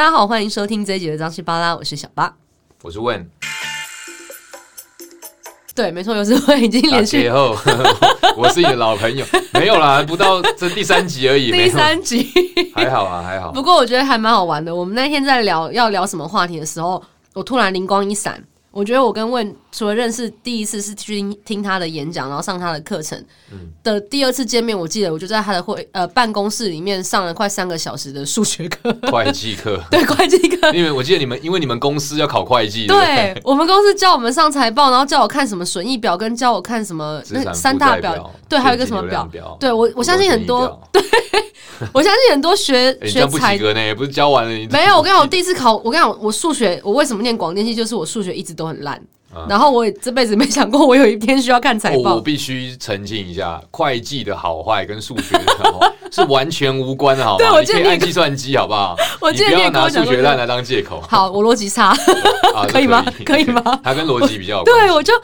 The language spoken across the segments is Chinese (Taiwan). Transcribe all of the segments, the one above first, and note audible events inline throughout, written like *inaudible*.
大家好，歡迎收聽這一集的《張西巴啦》，我是小巴，我是 Wen。對，沒錯，有時候已經聯繫節後，我是你的老朋友， *laughs* 沒有啦，不到這第三集而已。第三集還好啊，還好。不過我覺得還蠻好玩的。我們那天在聊要聊什麼話題的時候，我突然靈光一閃。我覺得我跟 Wen，除了認識第一次是去聽他的演講，然後上他的課程的第二次見面，我記得我就在他的會呃辦公室裡面上了快三個小時的數學課、 *laughs* 會計課，對，會計課，因為我記得你們因為你們公司要考會計，對，對，我們公司教我們上財報，然後叫我看什麼損益表，跟叫我看什麼那三大表、表，對，還有一個什麼表，表，對，我我相信很多，很多對我相信很多學、 *laughs* 欸、學學不及格呢，也不是教完了，沒有，我跟你講，我第一次考，我跟你講，我數學，我為什麼念廣電系，就是我數學一直。都很爛，然後我也這輩子沒想過，我有一天需要看財報，哦。我必須澄清一下，會計的好壞跟數學的好壞是完全無關的，好嗎？你可以按計算機，好不好？我建議你不要拿數學爛來當借口。 *laughs* 好，我邏輯差、 *laughs* 啊、可以嗎？可以嗎？他跟邏輯比較。對，我就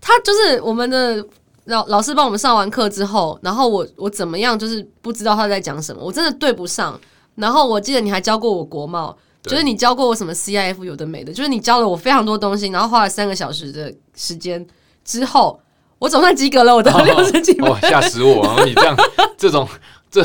他就是我們的老老師幫我們上完課之後，然後我我怎麼樣就是不知道他在講什麼，我真的對不上。然後我記得你還教過我國貿。就是你教過我什麼 CIF 有的沒的，就是你教了我非常多東西，然後花了三個小時的時間之後，我總算及格了，我的六十幾分，嚇、哦哦、死我！你這樣 *laughs* 這種這，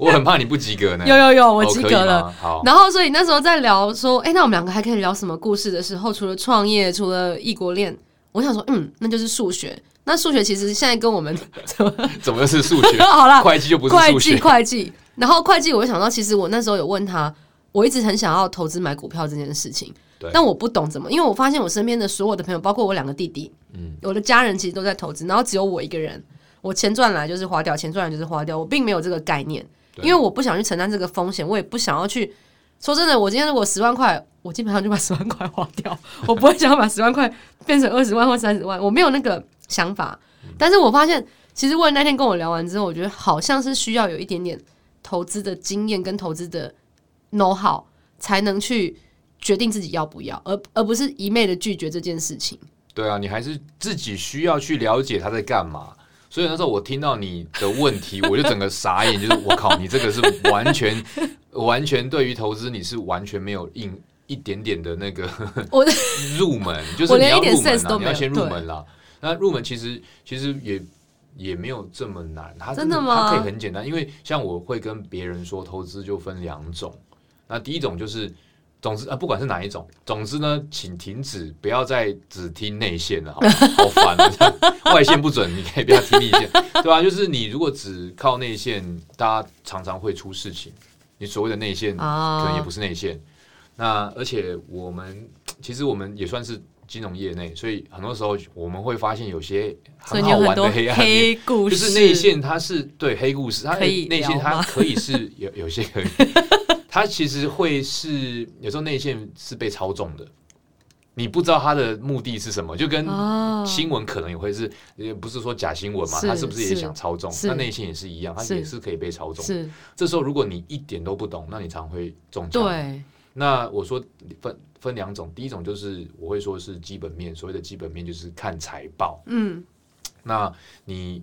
我很怕你不及格呢。有有有，我及格了。哦、然後所以那時候在聊說，哎、欸，那我們兩個還可以聊什麼故事的時候，除了創業，除了異國戀，我想說，嗯，那就是數學。那數學其實現在跟我們怎麼，怎麼是數學？ *laughs* 好啦，會計就不是數學會計會計。然後會計，我就想到，其實我那時候有問他。我一直很想要投資買股票這件事情，但我不懂怎麼，因為我發現我身邊的所有的朋友，包括我兩個弟弟，嗯，我的家人其實都在投資，然後只有我一個人，我錢賺來就是花掉，錢賺來就是花掉，我並沒有這個概念，因為我不想去承擔這個風險，我也不想要去說真的，我今天如果十萬塊，我基本上就把十萬塊花掉， *laughs* 我不會想要把十萬塊變成二十萬或三十萬，我沒有那個想法，嗯。但是我發現，其實 Wen 那天跟我聊完之後，我覺得好像是需要有一點點投資的經驗跟投資的。弄好，才能去決定自己要不要，而而不是一昧的拒絕這件事情。對啊，你還是自己需要去了解他在幹嘛。所以那時候我聽到你的問題， *laughs* 我就整個傻眼，就是我 *laughs* 靠，你這個是完全 *laughs* 完全對於投資你是完全沒有一一點點的那個， *laughs* 我 *laughs* 入門就是你要入門啦、啊， *laughs* 你要先入門啦、啊。那入門其實其實也也沒有這麼難，它真的，真的嗎？它可以很簡單，因為像我會跟別人說，投資就分兩種。那第一種就是，總之啊，不管是哪一種，總之呢，請停止，不要再只聽內線了，好好煩啊！喔、 *laughs* 外線不準，你可以不要聽內線， *laughs* 對吧、啊？就是你如果只靠內線，大家常常會出事情。你所謂的內線，可能也不是內線。Oh. 那而且我們其實我們也算是。金融業內，所以很多時候我們會發現有些很好玩的黑暗面、黑故事，就是內線它是，對，黑故事，可以內線，它可以是，可以有，有些可以， *laughs* 它其實會是，有時候內線是被操縱的，你不知道它的目的是什麼？就跟新聞可能也會是，不是說假新聞嘛，他、哦、是不是也想操縱？那內線也是一樣，他也是可以被操縱。這時候如果你一點都不懂，那你常，常會中招。對。那我說分分兩種，第一種就是我會說是基本面，所謂的基本面就是看財報。嗯，那你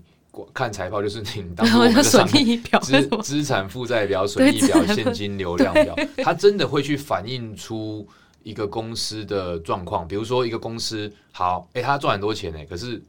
看財報就是你當我們的損益、嗯、 *laughs* 表、表、資資產負債表、損益表、現金流量表，它真的會去反映出一個公司的狀況。比如說，一個公司好，哎、欸，它賺很多錢誒，可是。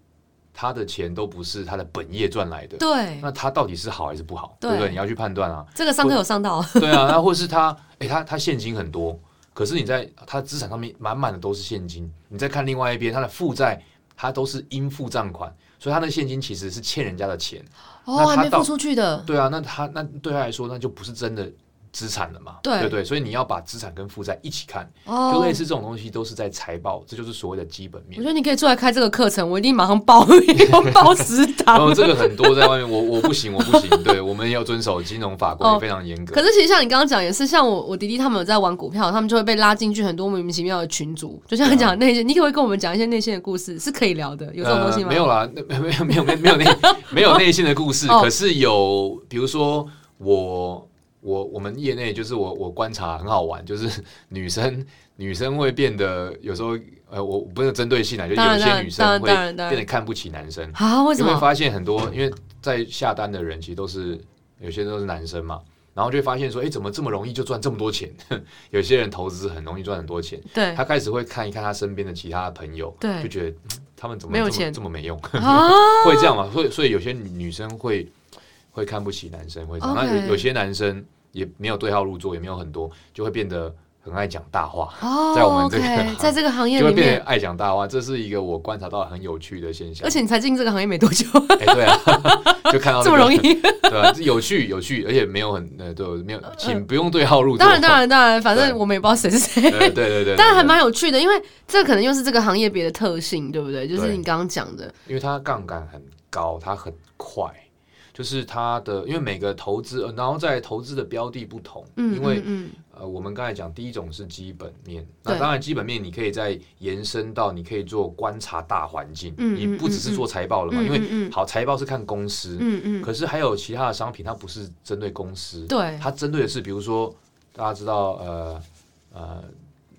他的錢都不是他的本業賺來的，對，那他到底是好還是不好，對，對不對？你要去判斷啊。這個上課有上到。 *laughs* 對啊，那或是他，哎、欸，他他現金很多，可是你在他資產上面滿滿的都是現金，你再看另外一邊，他的負債，他都是應付賬款，所以他那現金其實是欠人家的錢哦，那他，還沒付出去的。對啊，那他那對他來說，那就不是真的。資產了嘛？對對對，所以你要把資產跟負債一起看，就類似這種東西都是在財報，這就是所謂的基本面、oh,。我覺得你可以出來開這個課程，我一定馬上包養 *laughs* 包食堂、 *laughs* 嗯。這個很多在外面，我我不行，我不行。 *laughs* 對，我們要遵守金融法規、oh, 非常嚴格。可是其實像你剛剛講，也是像我我弟弟他們有在玩股票，他們就會被拉進去很多莫名其妙的群組。就像講的內、yeah. 你講那些你可以跟我們講一些內線的故事是可以聊的，有這種東西嗎？呃、沒有啦，沒有沒有沒有內沒有內線、 *laughs* oh, 的故事。可是有，比如說我。我我們業內就是我我觀察很好玩，就是女生女生會變得有時候呃，我不是針對性來，就有一些女生會變得看不起男生啊？你會發現很多，因為在下單的人其實都是有些都是男生嘛，然後就會發現說，哎，怎麼這麼容易就賺這麼多錢？有些人投資很容易賺很多錢，對，他開始會看一看他身邊的其他的朋友，對，就覺得、嗯、他們怎麼這麼這麼沒用呵呵、啊？會這樣嘛。所以所以有些女生會。會看不起男生，會這樣。Okay. 那有些男生也沒有對號入座，也沒有很多，就會變得很愛講大話。哦、oh,，在我們這個，okay. 在這個行業裡面就會變得愛講大話，這是一個我觀察到很有趣的現象。而且你才進這個行業沒多久，欸、對啊， *laughs* 就看到、這個、這麼容易，對、啊，有趣有趣，而且沒有很呃，對，沒有，請不用對號入座。呃呃、當然當然當然，反正我們也不知道誰是誰。對對對,對，但是還蠻有趣的，因為這可能又是這個行業別的特性，對不對？就是你剛剛講的，因為它槓桿很高，它很快。就是它的，因為每個投資，然後在投資的標的不同，嗯、因為、嗯嗯、呃，我們剛才講第一種是基本面，那當然基本面你可以再延伸到，你可以做觀察大環境、嗯，你不只是做財報了嘛，嗯、因為、嗯嗯、好財報是看公司、嗯嗯嗯，可是還有其他的商品，它不是針對公司，對，它針對的是比如說大家知道呃呃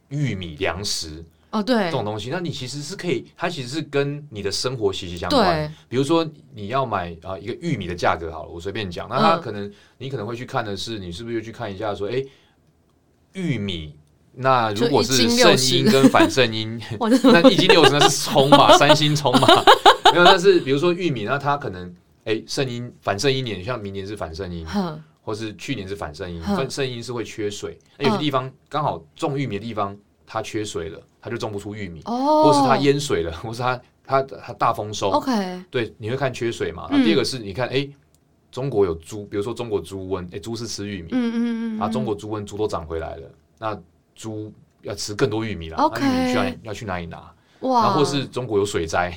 玉米糧食。哦、oh，對，這種東西，那你其實是可以，它其實是跟你的生活息息相關。對，比如說你要買啊一個玉米的價格，好了，我隨便講，嗯、那它可能你可能會去看的是，你是不是就去看一下說，哎，玉米那如果是聖嬰跟反聖嬰，一經 *laughs* *laughs* 那一斤六十那是蔥嘛，三星蔥嘛。 *laughs* 沒有，但是比如說玉米，那它可能哎聖嬰反聖嬰年，像明年是反聖嬰、嗯，或是去年是反聖嬰，反、嗯、聖嬰是會缺水。那、嗯、有些地方、嗯、剛好種玉米的地方。它缺水了，它就種不出玉米，oh. 或是它淹水了，或是它它它大豐收。Okay. 對，你會看缺水嘛？嗯、第二個是你看誒，中國有豬，比如說中國豬瘟，哎，豬是吃玉米，嗯嗯嗯，嗯，啊，中國豬瘟豬都長回來了，那豬要吃更多玉米了。OK，玉米需要，要去哪裡拿？Wow. 然後或是中國有水災，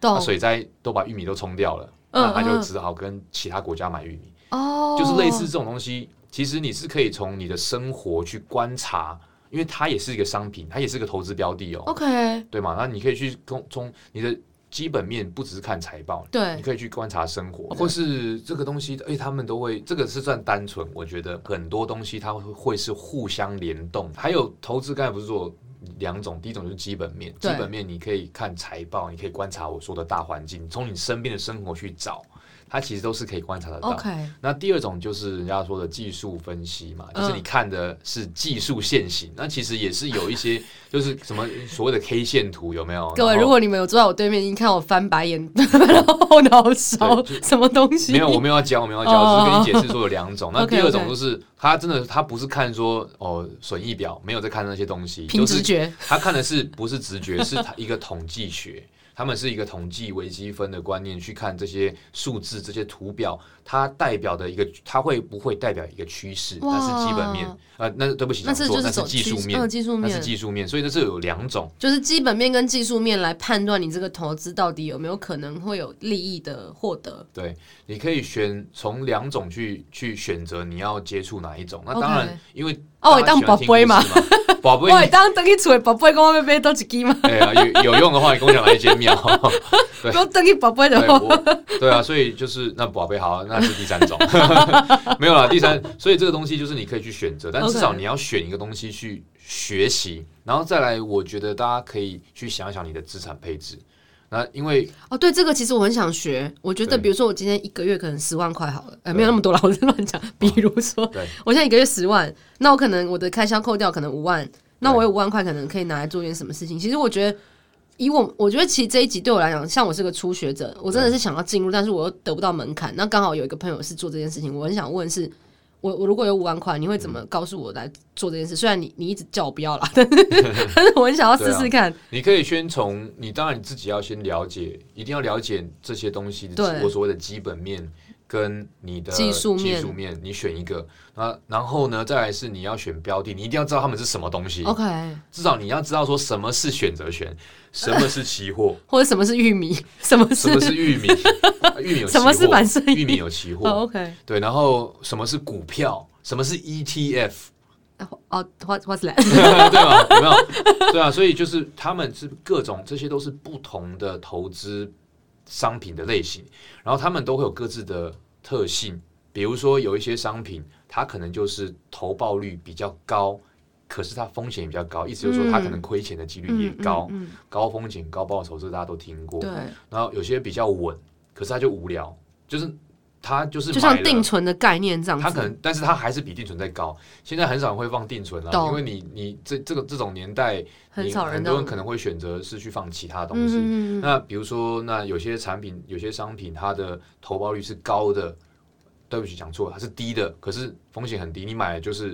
那、啊、水災都把玉米都沖掉了，uh -huh. 那它就只好跟其他國家買玉米。Oh. 就是類似這種東西，其實你是可以從你的生活去觀察。因為它也是一個商品，它也是個投資標的哦。OK，對嘛。那你可以去從從你的基本面，不只是看財報，對，你可以去觀察生活，或是這個東西，哎、欸，他們都會這個是算單純。我覺得很多東西它會是互相聯動。還有投資剛才不是說兩種，第一種就是基本面，基本面你可以看財報，你可以觀察我說的大環境，從你身邊的生活去找。他其實都是可以觀察得到。Okay. 那第二種就是人家說的技術分析嘛、嗯，就是你看的是技術線型、嗯。那其實也是有一些，就是什麼所謂的 K 線圖有沒有？各位，如果你們有坐在我對面，一看我翻白眼，嗯、 *laughs* 然後後腦勺，什麼東西？沒有，我沒有要教，我沒有要教我只、oh. 是跟你解釋說有兩種。Okay, okay. 那第二種就是他真的，他不是看說哦損益表，沒有在看那些東西，憑直覺、就是。他看的是不是直覺， *laughs* 是一個統計學。他們是一個統計微積分的觀念去看這些數字、這些圖表，它代表的一個，它會不會代表一個趨勢？那是基本面，呃，那對不起，那是就是，走技術面，呃，技術面，那是技術面，所以這是有兩種，就是基本面跟技術面來判斷你這個投資到底有沒有可能會有利益的獲得。對，你可以選從兩種去去選擇你要接觸哪一種。那當然，okay. 因為。哦當寶貝嘛，寶貝，當 *laughs* 等你出來寶貝，跟我那邊多幾個嘛。對啊，有有用的話你共享一間廟，你跟我講來解妙。我等你寶貝就我，對啊，所以就是那寶貝好，那是第三種， *laughs* 沒有了第三。所以這個東西就是你可以去選擇，但至少你要選一個東西去學習，okay. 然後再來，我覺得大家可以去想一想你的資產配置。那、啊、因為哦，對，這個其實我很想學。我覺得，比如說，我今天一個月可能十萬塊好了，哎、欸，沒有那麼多了，我在亂講。比如說，我現在一個月十萬，那我可能我的開銷扣掉可能五萬，那我有五萬塊，可能可以拿來做一件什麼事情。其實我覺得，以我，我覺得其實這一集對我來講，像我是個初學者，我真的是想要進入，但是我又得不到門檻。那剛好有一個朋友是做這件事情，我很想問是。我我如果有五萬塊，你會怎麼告訴我來做這件事？嗯、雖然你你一直叫我不要啦，但 *laughs* 是 *laughs* 我很想要試試看、啊。你可以先從你當然你自己要先了解，一定要了解這些東西的，我所謂的基本面。跟你的技術面，技術面，你選一個啊，然後呢，再來是你要選標的，你一定要知道他們是什麼東西。OK，至少你要知道說什麼是選擇權，什麼是期貨、呃，或者什麼是玉米，什麼什麼是玉米， *laughs* 啊、玉米有期貨。玉米有期貨 *laughs* oh, OK，對，然後什麼是股票，什麼是 ETF，哦、oh, okay. oh,，What's that？ *laughs* *laughs* 對吧，有沒有？對啊，所以就是他們是各種，這些都是不同的投資商品的類型，然後他們都會有各自的。特性，比如說有一些商品，它可能就是投報率比較高，可是它風險也比較高，意思就是說它可能虧錢的幾率也高。嗯嗯嗯嗯、高風險高報酬，這大家都聽過。對，然後有些比較穩，可是它就無聊，就是。它就是就像定存的概念這樣，它可能，但是它還是比定存再高。現在很少人會放定存了，因為你你這這個這種年代，很多人可能會選擇是去放其他東西。那比如說，那有些產品、有些商品，它的投報率是高的，對不起，講錯了，它是低的，可是風險很低，你買的就是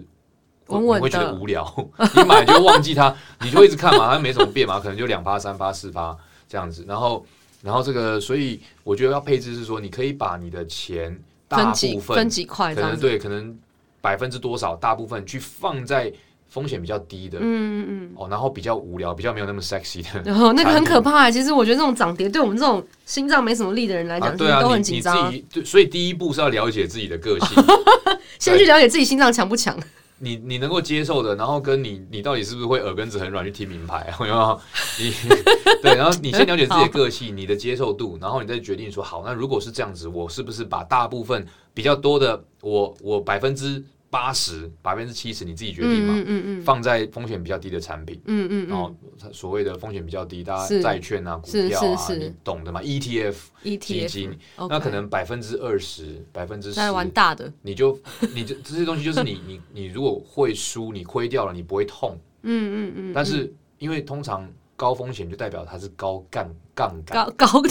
你，會覺得無聊，你買就忘記它，你就一直看嘛，它沒什麼變嘛，可能就2%、3%、4%這樣子，然後。然後這個，所以我覺得要配置是說，你可以把你的錢大部分分幾，分幾塊，可能對，可能百分之多少大部分去放在風險比較低的，嗯嗯嗯，哦，然後比較無聊，比較沒有那麼 sexy 的。然後，哦，那個很可怕，其實我覺得這種漲跌對我們這種心臟沒什麼力的人來講，啊對啊，都很緊張，對，所以第一步是要了解自己的個性， *laughs* 先去了解自己心臟強不強。你你能夠接受的，然後跟你你到底是不是會耳根子很軟去聽明牌，我跟你 *laughs* 對，然後你先了解自己的個性、你的接受度，然後你再決定說好。那如果是這樣子，我是不是把大部分比較多的我我百分之。八十百分之七十你自己決定嘛，嗯嗯嗯、放在風險比較低的產品，嗯嗯嗯、然後所謂的風險比較低，大家債券啊、股票啊，是是你懂的嘛？ETF、ETF、基金、okay，那可能百分之二十、百分之十那蠻大的，你就你就這些東西就是你 *laughs* 你你如果會輸，你虧掉了，你不會痛。嗯嗯嗯。但是因為通常高風險就代表它是高槓槓桿，高高高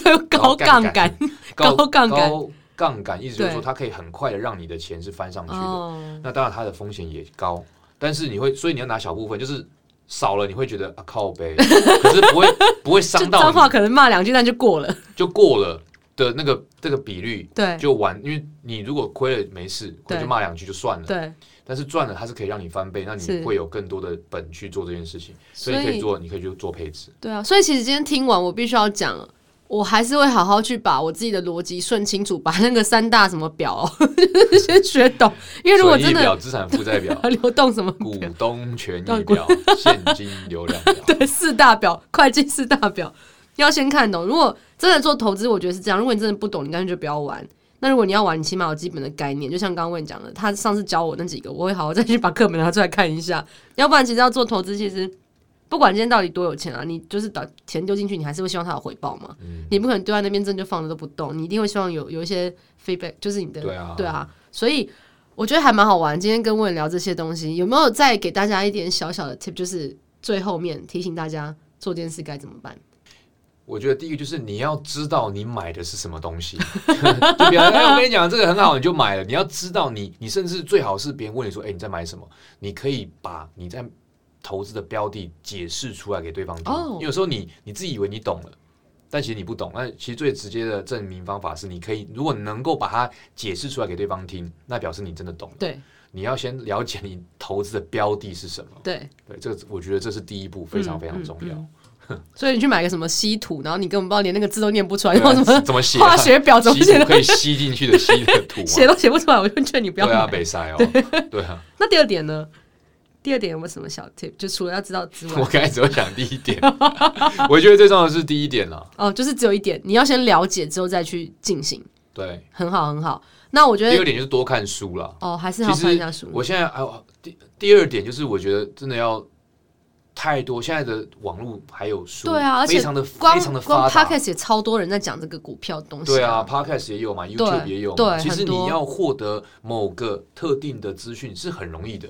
槓桿，高槓桿。槓桿意思就是說，它可以很快的讓你的錢是翻上去的。那當然它的風險也高，哦，但是你會，所以你要拿小部分，就是少了你會覺得啊靠杯， *laughs* 可是不會不會傷到你。髒話可能罵兩句那就過了，就過了的那個這個比率，對，就完。因為你如果虧了沒事，虧就罵兩句就算了，對。但是賺了它是可以讓你翻倍，那你會有更多的本去做這件事情，所以可以做所以，你可以去做配置。對啊，所以其實今天聽完我必須要講，我還是會好好去把我自己的邏輯順清楚，把那個三大什麼表、哦、 *laughs* 先學懂。因為如果真的損益表、資產負債表、表 *laughs* 流動什麼股東權益表、 *laughs* 現金流量表， *laughs* 對四大表， *laughs* 會計四大表要先看懂。如果真的做投資，我覺得是這樣。如果你真的不懂，你乾脆就不要玩。那如果你要玩，你起碼有基本的概念。就像剛剛問你講的，他上次教我那幾個，我會好好再去把課本拿出來看一下。要不然，其實要做投資，其實。不管今天到底多有錢啊，你就是把錢丟進去，你還是會希望它有回報嘛？嗯、你不可能丟在那邊，真的就放着都不動，你一定會希望有有一些 feedback，就是你的對啊，對啊，所以我覺得還蠻好玩。今天跟 Wen 聊這些東西，有沒有再給大家一點小小的 tip？就是最後面提醒大家做這件事該怎麼辦？我覺得第一個就是你要知道你買的是什麼東西。 *laughs* 就比方說 *laughs* 哎、我跟你講這個很好，你就買了。你要知道你，你甚至最好是別人問你說：“哎、欸，你在買什麼？”你可以把你在。投資的標的解釋出來給對方聽，oh. 有時候你你自己以為你懂了，但其實你不懂。那其實最直接的證明方法是，你可以如果能夠把它解釋出來給對方聽，那表示你真的懂了。對，你要先了解你投資的標的是什麼。對對，這個我覺得這是第一步，非常非常重要。嗯嗯嗯。所以你去買個什麼稀土，然後你根本不知道連那個字都念不出來，啊、然後什麼怎麼怎麼寫化學表怎麼寫，可以吸進去的 *laughs* 稀的土，寫都寫不出來，我就勸你不要。對啊，被塞哦。對， *laughs* 對啊。那第二點呢？第二點有沒有什麼小 tip？就除了要知道之外，我剛才只會講第一點。 *laughs* 我覺得最重要的是第一點了。哦，就是只有一點，你要先了解之後再去進行。對，很好，很好。那我覺得第二點就是多看書了。哦，還是要多看一下書。我現在還有第第二點就是，我覺得真的要太多。現在的網絡還有書，對啊，而且非常的非常的發達。光 Podcast 也超多人在講這個股票東西，啊，對啊，Podcast 也有嘛，YouTube 也有嘛對。對，其實你要獲得某個特定的資訊是很容易的。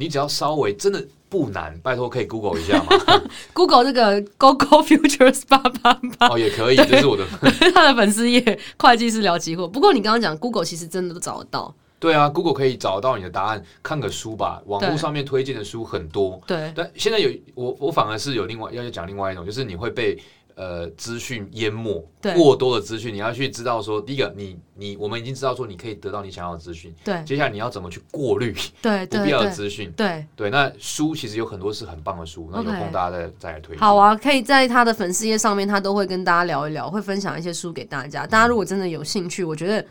你只要稍微真的不難，拜托可以 Google 一下嗎 *laughs* ？Google 這個 GoGo Futures 888哦，也可以，這是我的 *laughs* 他的粉絲頁，會計師聊期貨。不過你剛剛講 Google 其實真的都找得到。對啊，Google 可以找到你的答案，看個書吧，網絡上面推薦的書很多。對，但現在有我，我反而是有另外要講另外一種，就是你會被。呃，資訊淹沒過多的資訊，你要去知道說，第一個，你你我們已經知道說，你可以得到你想要的資訊。對，接下來你要怎麼去過濾 *laughs* 不必要的資訊？對、對、對、對、對。那書其實有很多是很棒的書，那有空大家再 okay, 再來推薦。好啊，可以在他的粉絲頁上面，他都會跟大家聊一聊，會分享一些書給大家。但大家如果真的有興趣，我覺得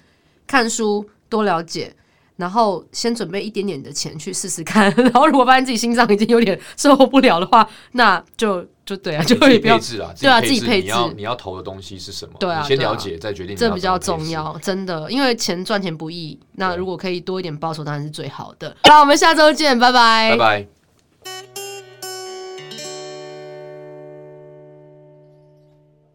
看書多了解，然後先準備一點點的錢去試試看， *laughs* 然後如果發現自己心臟已經有點受不了的話，那就。就對啊，就你不要你自己配置啊，對啊，自己配置。你要你要投的東西是什麼？對啊，你先了解、對啊、再決定，這比較重要，真的。因為錢賺錢不易，那如果可以多一點報酬，當然是最好的。那我們下周見，拜拜，拜拜。